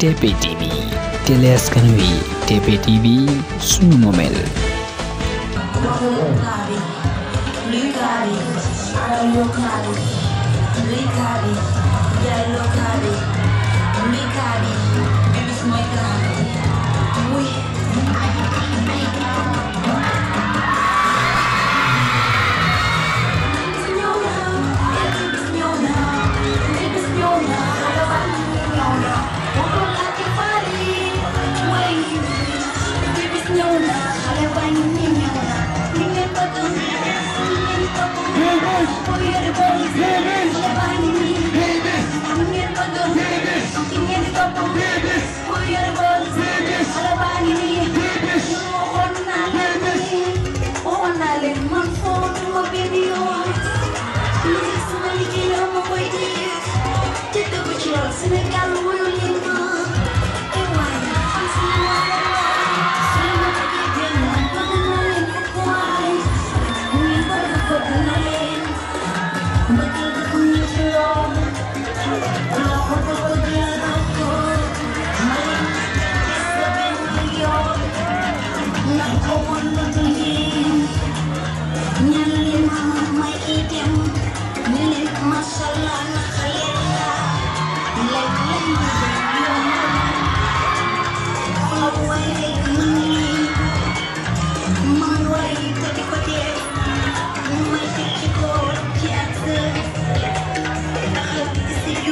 TP TV, Teleas Canvi TP TV, Sunumomel. Mikari, Yellow Kari, Mikari, it is my time. Yeah.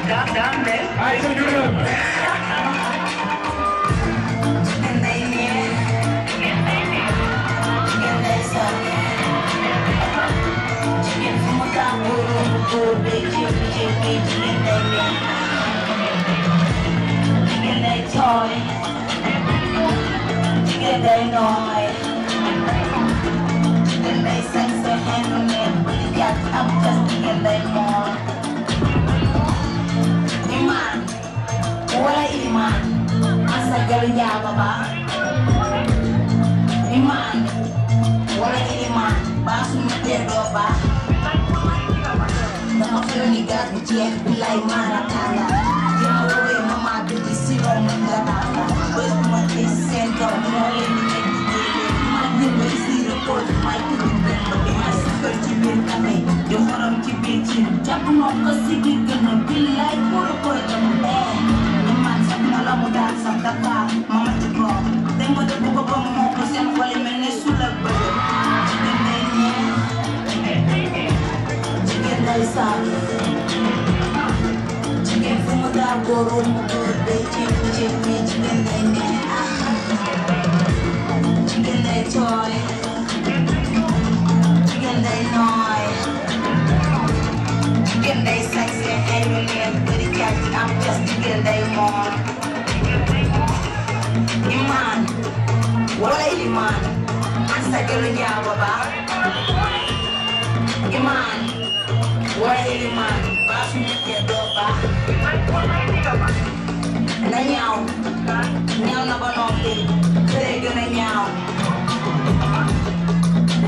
Ai cho đưa thôi Chỉ để đây ngồi Đến đây sáng sớm em I'm gonna Iman. Wala kang the sa tapa, mama tuko Tengo de poco como pues en me ne sulla bebe Chicken day Chicken day sa Chicken fumo da goro mo to de chim chim me chicken day ne Chicken day toy Chicken day Chicken day sexy and you live with the cat I'm just chicken day more Iman, walay liman an sa gelu njaaba Iman, liman walay liman baa su nekkee doo baax na na ba noppi tere gën nanyaw.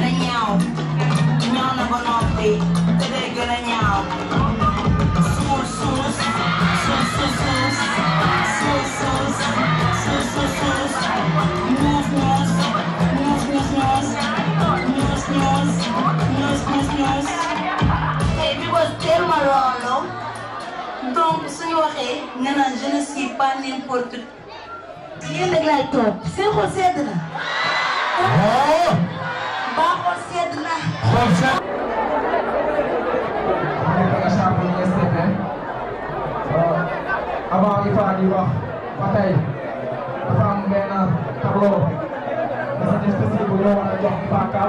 Nanyaw, na na ba noppi tere gën nanyaw. waxee nga naan je ne suis pas n'importe qui. yéen rek laay toog seen xol sedd na. waaw. Oh! baa xol sedd na. xol sedd. avant li fa di wax ba tey dafa am benn tableau de statistique bu ñu war a jox Ifaka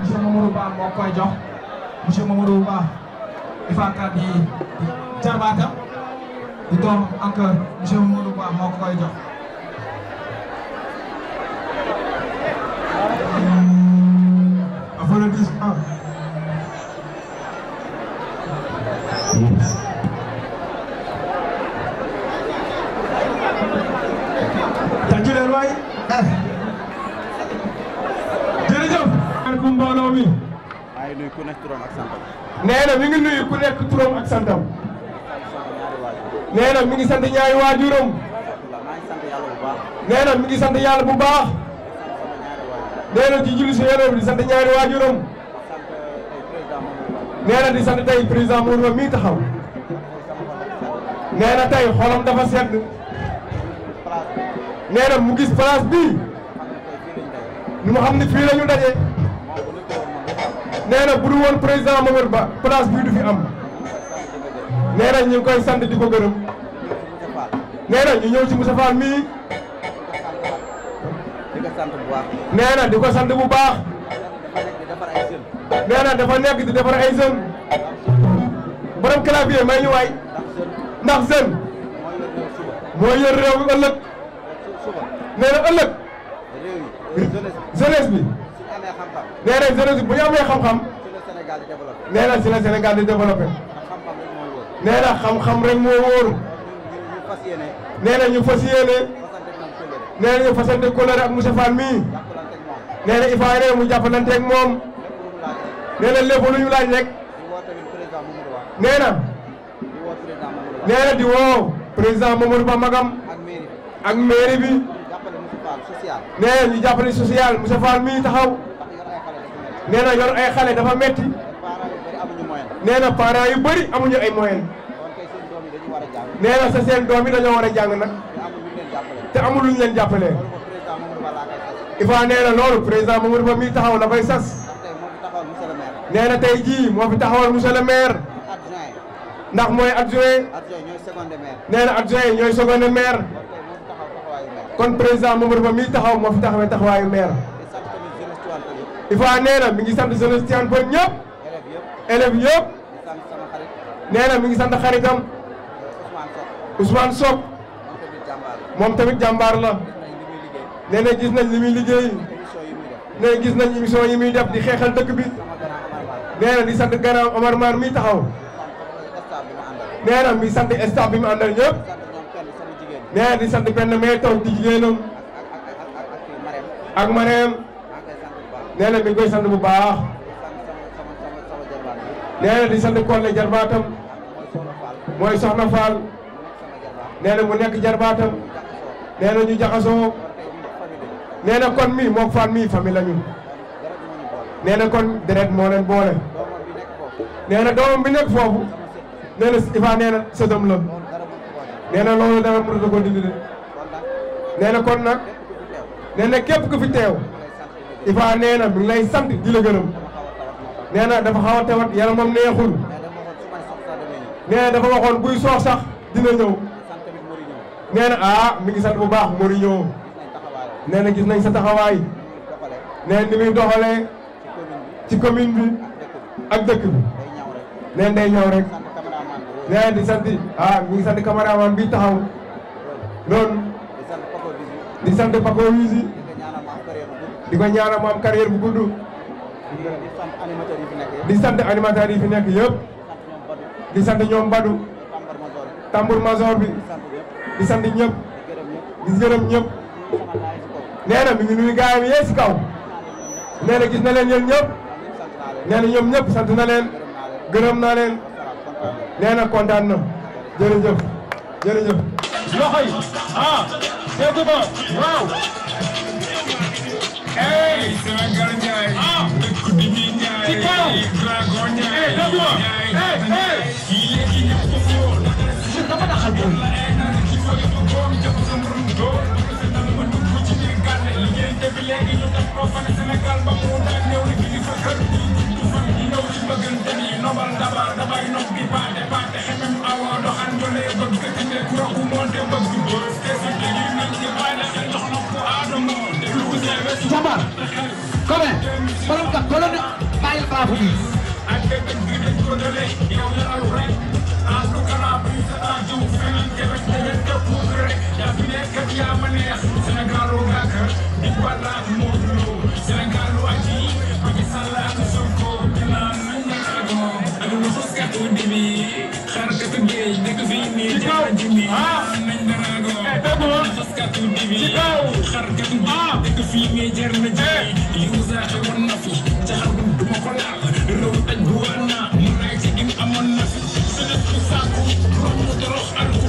monsieur Mamadou Ba moo koy jox monsieur Mamadou Ba Ifaka di jarbaatam di doom encore monsieur Moudou Ba moo ko koy jox. applaudissement. tàccu leen waay. jërëjëf. maaleykum mbooloo mi. maa ngi nuyu ku nekk turam ak santam. nee na mi ngi nuyu ku nekk turam ak santam. nee mi ngi sante ñaari waajuram nee mi ngi sante yalla bu baax nee ci julli si bi di sant ñaari waajuram di sante tay président Mourou mi taxaw nee tay xolam dafa sedd nee mu gis place bi ñu ma xam ne fii la ñu bu du président Mourou Ba place bi du fi am. nee nañ ñu ngi koy sant di ko gërëm nee na ñu ñëw ci Moussa Fall nee na di ko sant bu baax nee na dafa nekk di defar ay jeunes borom clavier may ñu waay ndax jeune mooy yor réew mi ëllëg nee na bi nee na bi bu ñu amee xam-xam nee na si la Sénégal di développé. nee na xam-xam rek moo wóor nee na ñu fas yéene nee na ñu ak Moussa Fall mii nee na Ifaare mu jàppalanteeg moom nee na lépp lu ñu laaj rek nee na nee na di woo président Mamadou Ba magam ak mairie bi nee ñu jàppale social mu Fall mii taxaw nee na ay xale dafa metti nee para parents yu bëri amuñu ay moyen nee sa seen doomi dañu wara jang a jàng nag te amul luñ leen jàppalee. Iva nee na président mamour Ba mi taxaw la fay sas nee tay ji mo fi taxawal monsieur le maire ndax moy adjoint nee adjoint ñoy seconde maire kon président mamour Ba mi taxaw mo fi taxawé taxawaayu maire. ifa nee mi ngi sante jeunesse tian Peulh ñëpp. élèves yëpp nee mi ngi sant xaritam Ousmane Sock moom tamit jàmbaar la nee gis nañ li muy liggéey nee gis nañ émission yi muy def di xeexal dëkk bi nee di sant garaam Omar Mar mi taxaw nee mi sant staff bi mu àndal ñëpp nee na di sant benn mais taw di jigéenam ak Marème nee mi ngi sant bu baax. nee na di sant Kolle jarbaatam mooy Soxna Fall nee na mu nekk jarbaatam nee ñu jaxasoo nee kon mi moog Fall mi famille la na kon deret moo leen boole. nee na doomam bi nekk foofu nee na Iva nee na loolu dara mënut a ko dindi de na kon nag nee képp ku fi teew Iva nee mi lay sant di nee dafa xawa tewat yaram mom neexul. nee dafa waxon buy sox sax dina ñew nee ah mi ngi sant bu baax Mourinho. nee gis nañ sa taxaway nee ni mi doxale ci commune bi ak dekk bi. nee day ñew rek. nee di sant ah mi ngi sant cameraman bi taxaw. non di sant Paco Wizi. di ko ñaanal am carrière bu guddu Iya. di sante animateurs yi fi nek yëpp. di sante ñom badu tambour major bi. di sante ñep di gërëm ñep neena mi ngi nuyu gaayam yee si kaw. neena gis na leen yéen ñep neena ñom ñep sante na leen. gërëm na leen. nee na kontaan jëf jërëjëf jëf loxo yi ah dégg nga wow hey. Jabar, come on. Balon ka, balon الخرافي أنت تقدر تقول لي يوم الأرواح أنت كرافي سأجو فين كبت تهد كفور يا فيك يا مني سنقالو غاكر نبالا مولو سنقالو أجي بجي سالا تسوكو بلان من نتاقو أنا نخص كتوني خرجت الجيش دك فيني جاجمي من دراغو نخص كتوني خرجت الجيش دك فيني جرنجي يوزا حوالنا فيه تخرب ma ko laal réew ak duwaan naa mu nay ci in amoon na fi sa def ci sàkku romb dorox ak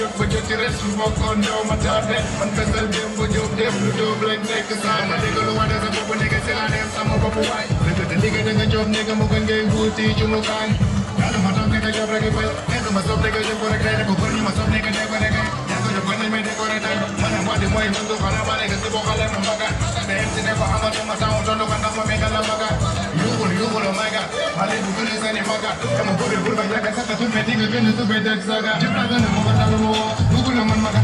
yëg ba jot ci res lu bokkoon ñëw ma tardé man fesal démb ba jóg def lu jóg lañ nekk saa ma dégg lu wane sa bopp nekk si laa dem sama bopp waay rëkëte liggéey da nga job nekk mu gën ngay wuuti ci mu kaay yàlla ma toog nekk job rek bay nekk ma sob nekk job rek day ko bëri ma sob nekk day ko nekk yàlla job ko nañ may décoré tey man am wadi mooy man du xanaa ma nekk si boo xale na mbaga mais yem si ne ko amatu ma saa tondu ko ndax ma mekk la mbaga yuuxul yuuxul maga xale bu gën a sani maga dama bëri bul ba yàgg sa tatul mais dinga gën a tubay dëgg saga jëm na gën a mu dukula man man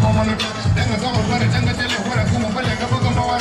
danga sama bare tanga tele wara ko mo bale ga bugo mawara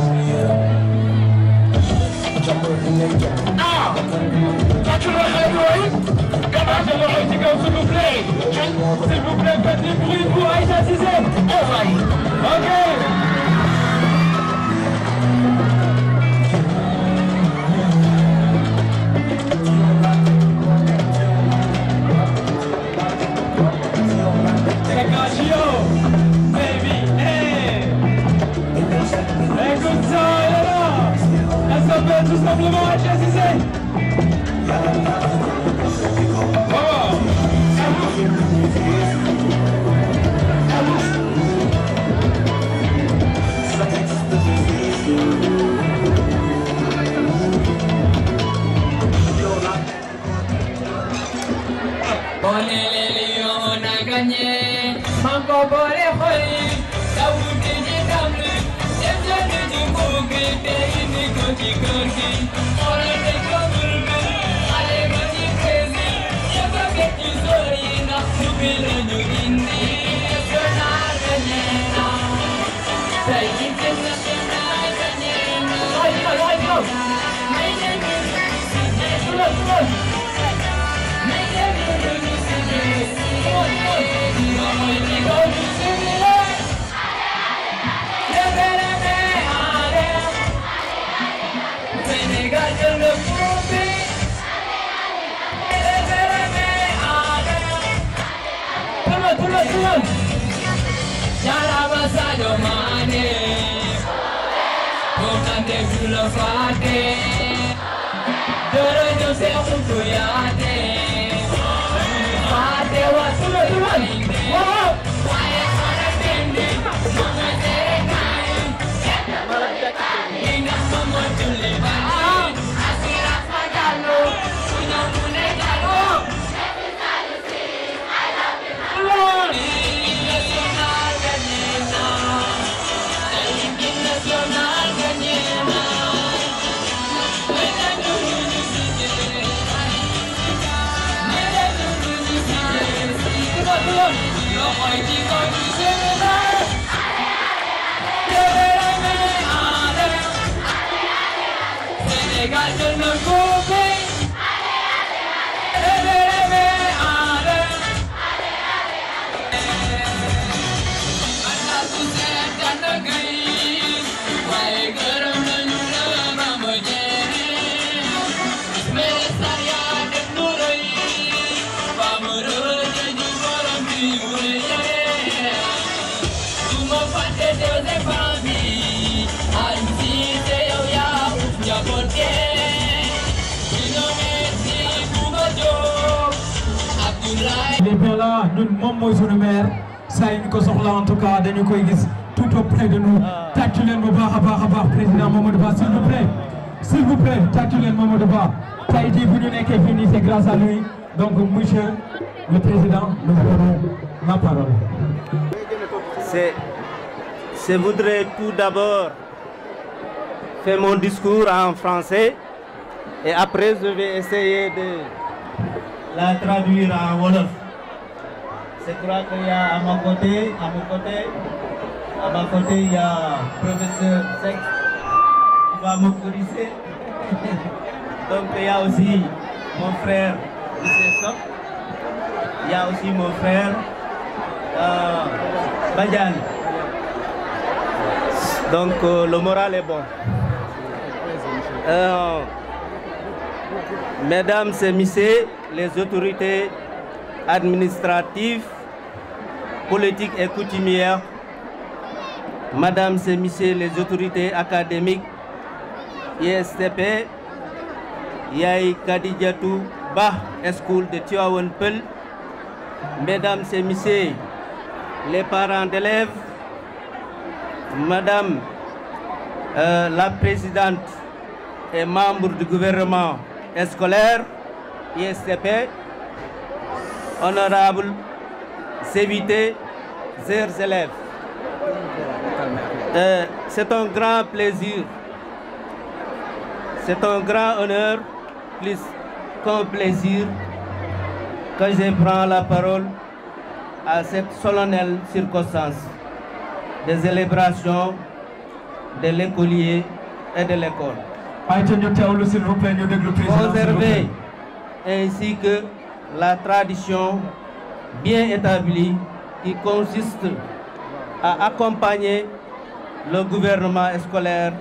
Ah, tu le réveilles Capable de le réciter, s'il vous plaît. S'il vous plaît, faites du bruit pour Aïssa Cizé. Oh, Ok. Bence samlama açacağız Come on. frate Dărăi Dumnezeu să-mi mooy sunu maire ça en tout cas dañu koy tout auprès de nous tàccu len bu président Mamadou Ba s'il vous plaît s'il vous plaît tàccu len Mamadou Ba tey jii bu ñu c'est grâce à lui donc monsieur le président nous prenons la parole. C'est, je voudrais tout d'abord faire mon discours en français et après je vais essayer de la traduire en wolof. Je crois qu'il y a à mon côté, à mon côté, à ma côté, il y a le professeur Sex qui va m'autoriser Donc il y a aussi mon frère Il y a aussi mon frère euh, Donc euh, le moral est bon. Euh, mesdames et messieurs, les autorités administrative, politique et coutumière, Madame et Messieurs les autorités académiques, ISTP, yai Kadidjatou, Bah School de Tiawanpel, Mesdames et Messieurs les parents d'élèves, Madame euh, la présidente et membre du gouvernement scolaire, ISTP, honorables éviter chers élèves. Euh, c'est un grand plaisir, c'est un grand honneur, plus qu'un plaisir, que je prends la parole à cette solennelle circonstance des célébrations de l'écolier et de l'école. ainsi que la tradition bien établie qui consiste à accompagner le gouvernement scolaire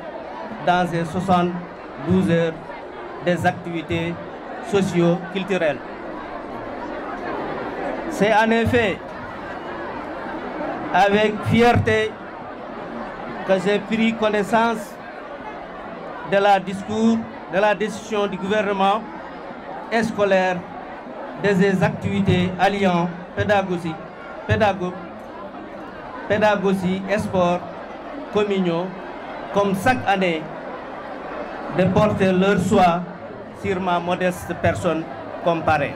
dans ses 72 heures des activités socio-culturelles. C'est en effet avec fierté que j'ai pris connaissance de la discours, de la décision du gouvernement scolaire des activités alliant pédagogie, pédago, pédagogie, sport, communion, comme chaque année, de porter leur soi sur ma modeste personne comparée.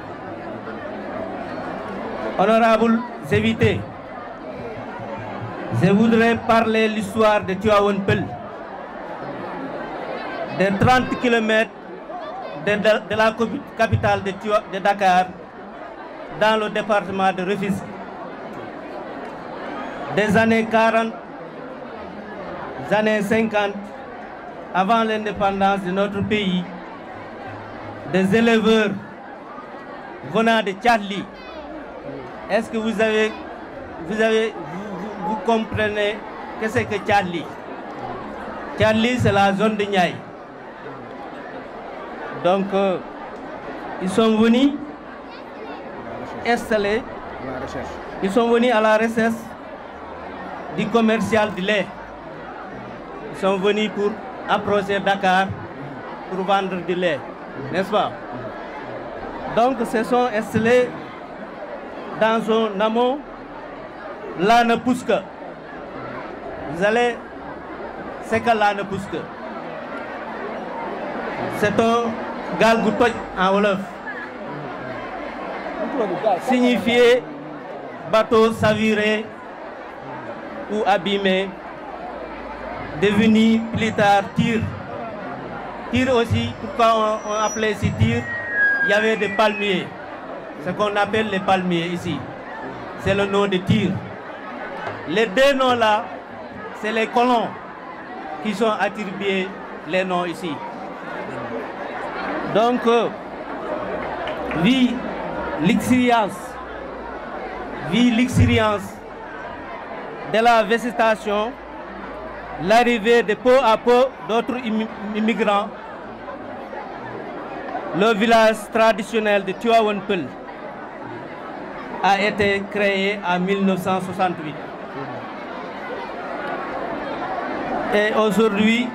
Honorable invités, je voudrais parler l'histoire de Tuawenpel, des 30 km de, la capitale de, Dakar dans le département de Rufisque. Des années 40, des années 50, avant l'indépendance de notre pays, des éleveurs venant de Charlie, Est-ce que vous avez, vous avez, vous, comprenez qu'est-ce que Charlie Charlie, c'est la zone de Niaï. Donc, euh, ils sont venus installer, ils sont venus à la recherche du commercial du lait. Ils sont venus pour approcher Dakar pour vendre du lait, n'est-ce pas Donc, se sont installés dans un amont, là ne pousse que. Vous allez, c'est que là ne pousse que. C'est un gal en wolof signifier bateau saviré ou abîmé devenu plus tard tir tir aussi pourquoi on, on appelait ici tir il y avait des palmiers ce qu'on appelle les palmiers ici c'est le nom de tir les deux noms là c'est les colons qui sont attribués les noms ici donc, euh, vie, l'expérience, de la végétation, l'arrivée de peau à peu d'autres immigrants, le village traditionnel de Tuawanpel a été créé en 1968. Et aujourd'hui,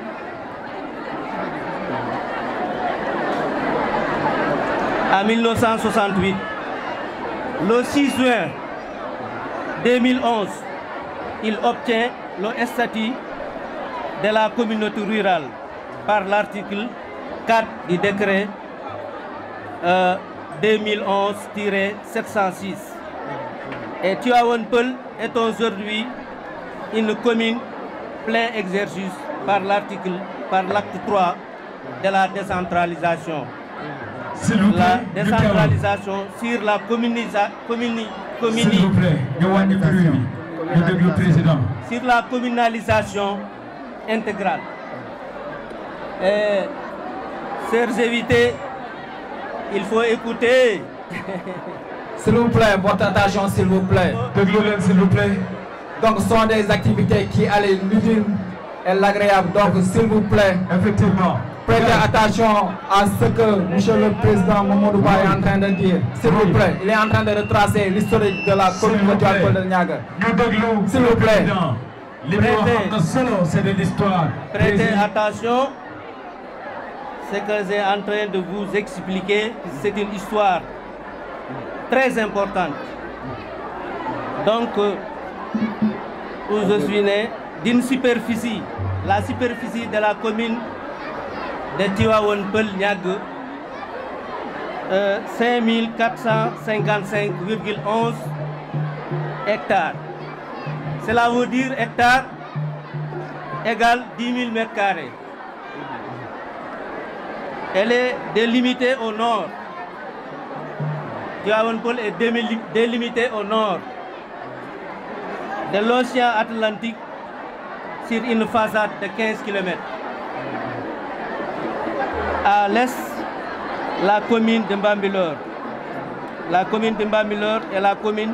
En 1968. Le 6 juin 2011, il obtient le statut de la communauté rurale par l'article 4 du décret 2011-706. Euh, Et Tuawanpel est aujourd'hui une commune plein exercice par l'article, par l'acte 3 de la décentralisation sur la communisation. S'il vous plaît, Sur la communalisation intégrale. Serge éviter, il faut écouter. s'il vous plaît, votre attention, s'il vous plaît. s'il vous plaît. Donc, ce sont des activités qui allaient l'utile et l'agréable. Donc, s'il vous plaît. Effectivement prêtez attention à ce que M. le Président Mamadou est en train de dire. S'il vous plaît, il est en train de retracer l'historique de la commune de Djokol de Niaga. S'il vous plaît, c'est de l'histoire. Prêtez attention. Ce que j'ai en train de vous expliquer, c'est une histoire très importante. Donc, euh, où je suis né, d'une superficie, la superficie de la commune de 5455,11 euh, hectares. Cela veut dire hectare égale 10 000 mètres carrés. Elle est délimitée au nord. Tivaouane est délimitée au nord de l'océan Atlantique sur une façade de 15 km à l'est la commune de Mbambilor. La commune de Mbambilor est la commune...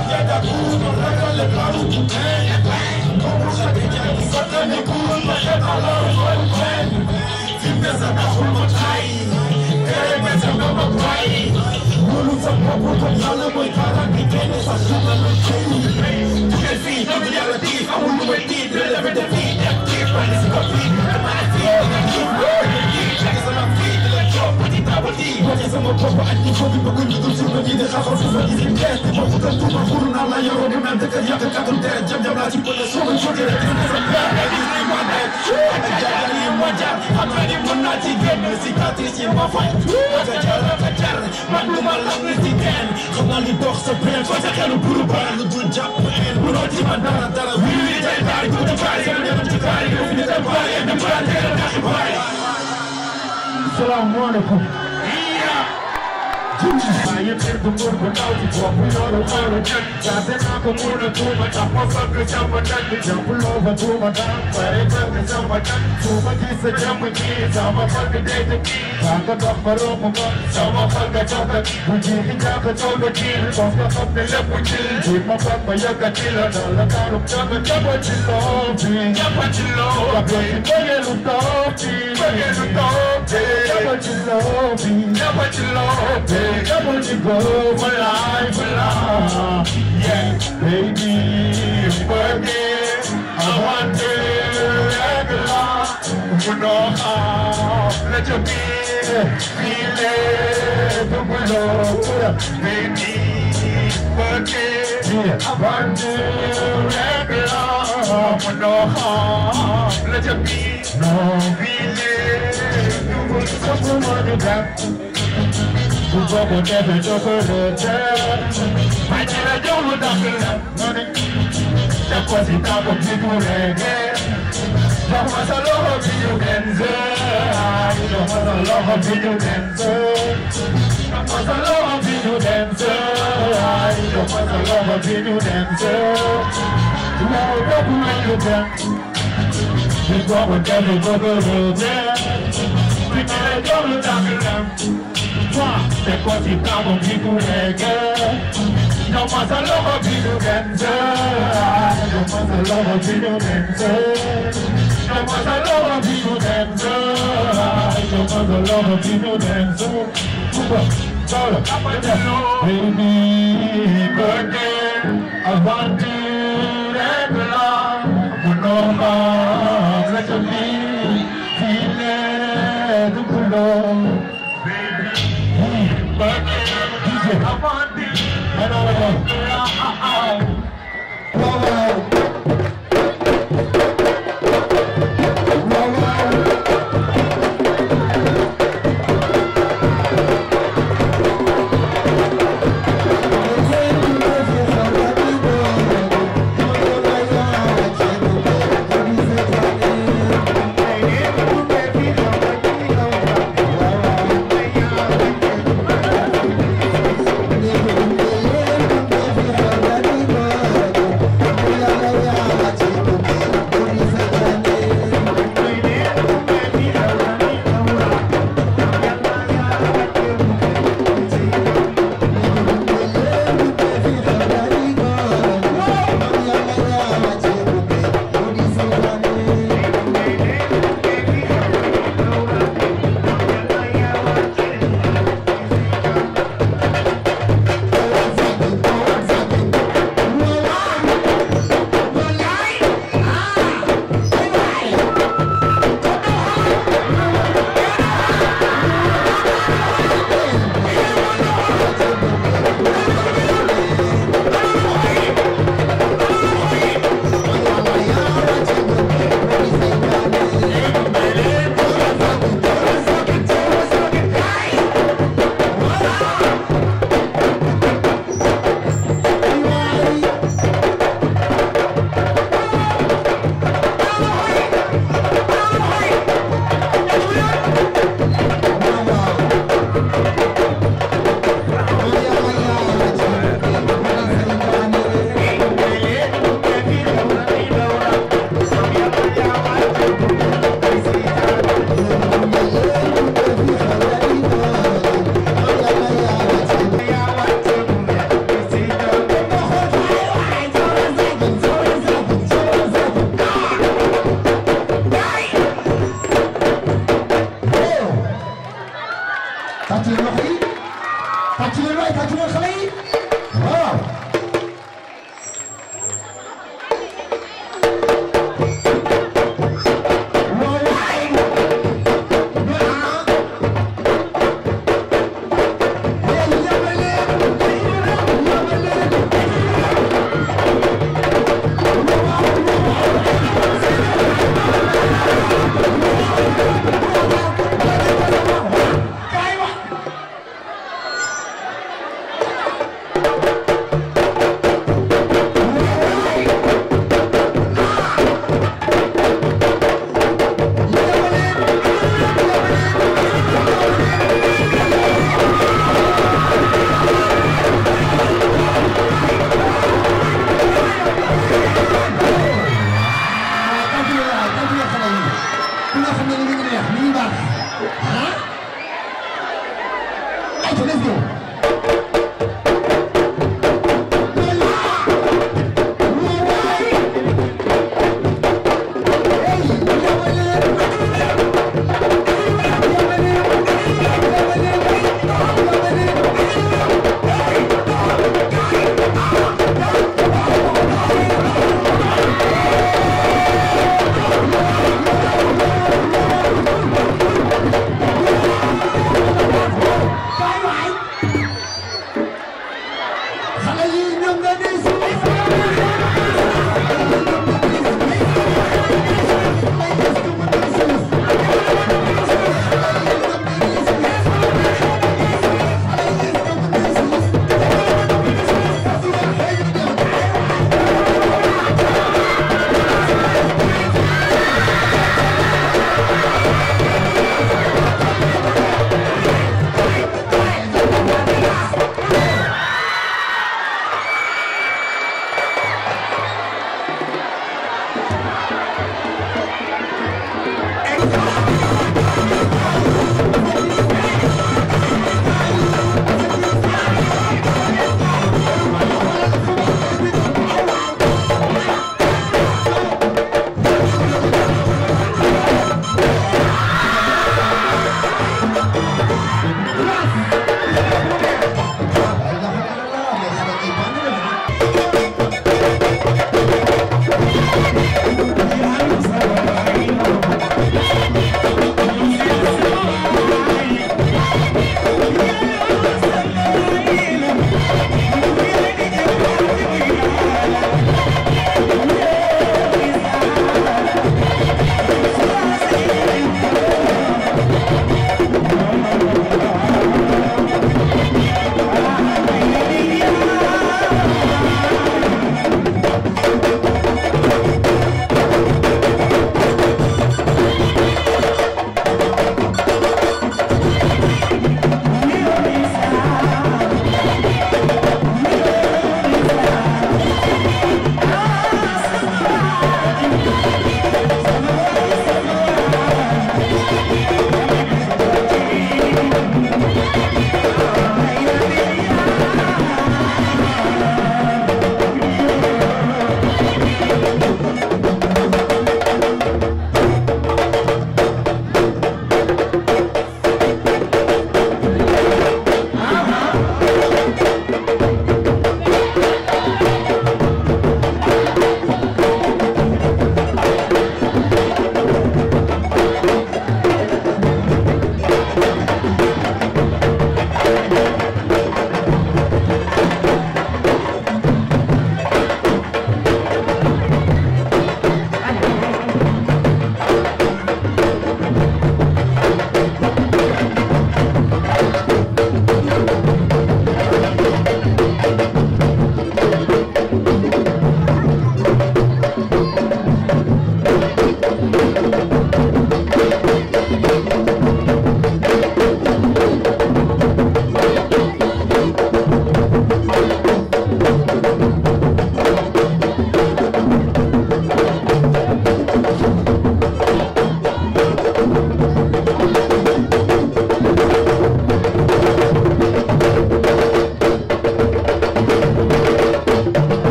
I'm controller Voy para que tienes, ayúdame, change You can see the reality, I will do it deep, relevant defeat السلام عليكم Bayyakin dumur bu nauti Popular umarı can Zaten akamura duma Tapa fakı jamadan Jambul ova dumadan Pare fakı jamadan Suma kisa jamaki Sama fakı dedeki Kanka daparo muma Sama fakı jataki Bujihi jaka çolaki Kofka kapne lepuçil Jima fakma yakatila Nala taruk jaka Japachilo Japachilo Kapyaki Bagelu topi Bagelu topi take, get what you love, get what you love, take, get what you go for life, for life. Yeah, baby, working, I want to regular, you know how, let your be, be, it, the below, baby, working, I want to regular, you know how, let your be, no, feel Sọ́kún mọ́ ní gbà. Gbogbo kò tẹ̀sẹ̀ jókòó lè jẹ́. Àjẹrẹ jẹ́ olùdókòlè lórí. Ṣẹ́kọ̀ọ́ sí táàbù kíkú rẹ̀ gẹ́. Lọ́mọdé lọ́wọ́ bí yóò kẹ́ńzẹ́. Lọ́mọdé lọ́wọ́ bí yóò kẹ́ńzẹ́. Lọ́mọdé lọ́wọ́ bí yóò kẹ́ńzẹ́. Lọ́mọdé lọ́wọ́ bí yóò kẹ́ńzẹ́. Ìwà òdòkú rẹ̀ yóò kẹ́. Gbogbo kò tẹ̀sẹ̀ jókòó lè jẹ́. Solo, baby, birthday I want to to love for no more đời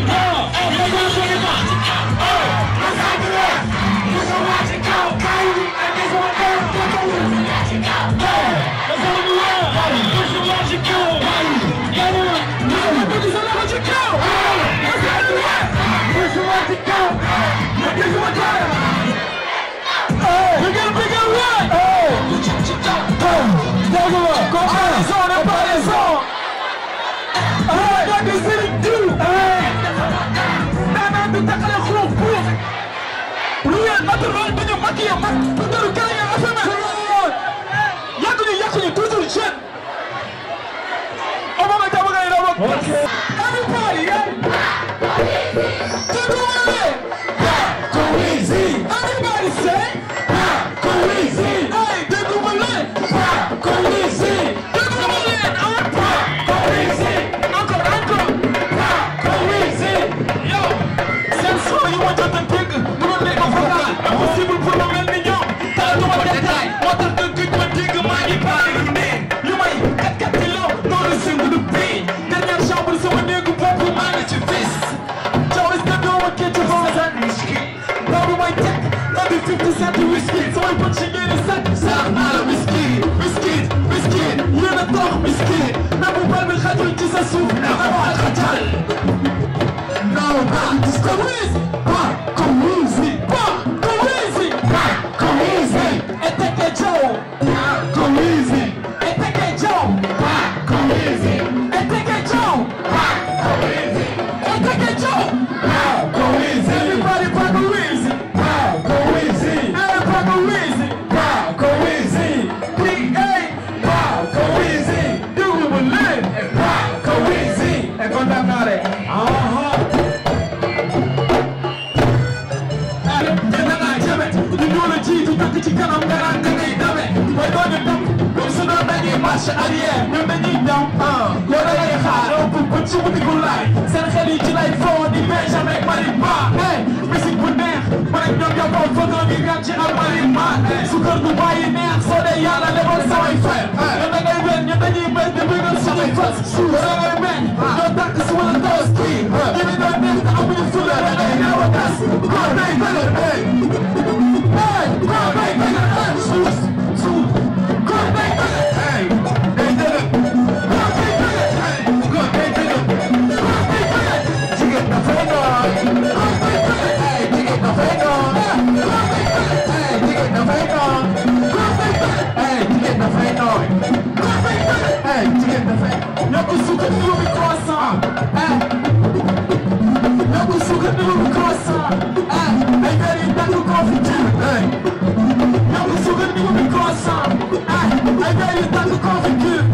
people! Okay. ci sa suuf. na ko xajal. non na bari ma sukar du bàyyi neex soo dee yàlla defal samay fen ñun da ngay wen ñun dañuy mel di bëggal suñuy fas suuf da ngay mel ñoo tàkk si wala tawas kii ñu ni doon neex te amuñu a tas koo hey hey busuka nibo bikosa na busuka nibo bikosa ayitarinda kukofiti na busuka nibo bikosa ayitarinda convite,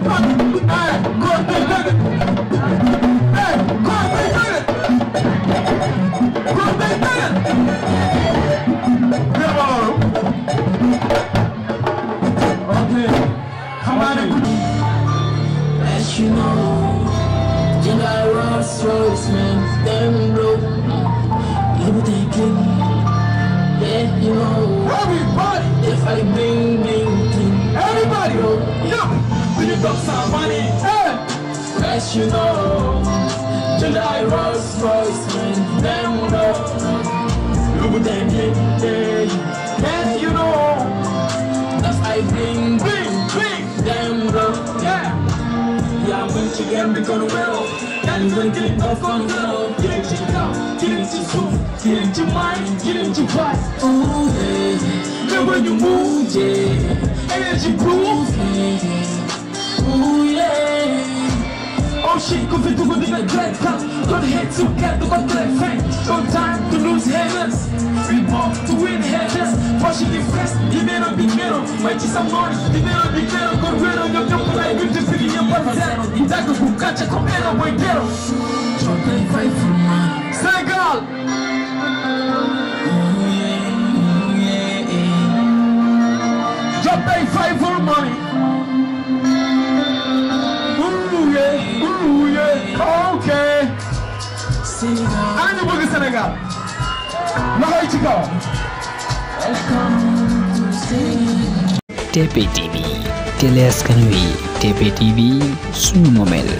é. go to the sam noć Dinero, dinero, correro Yo te pula i gdy wybiję pancerą I tak go bukacie komero, bojgero Czortaj fajfu Segal! Czortaj fajfu money Ooh yeah, ooh yeah, okay Ani bugi Senegal Lochaj ci go TP TV télé askan wi TP TV suñu moomeel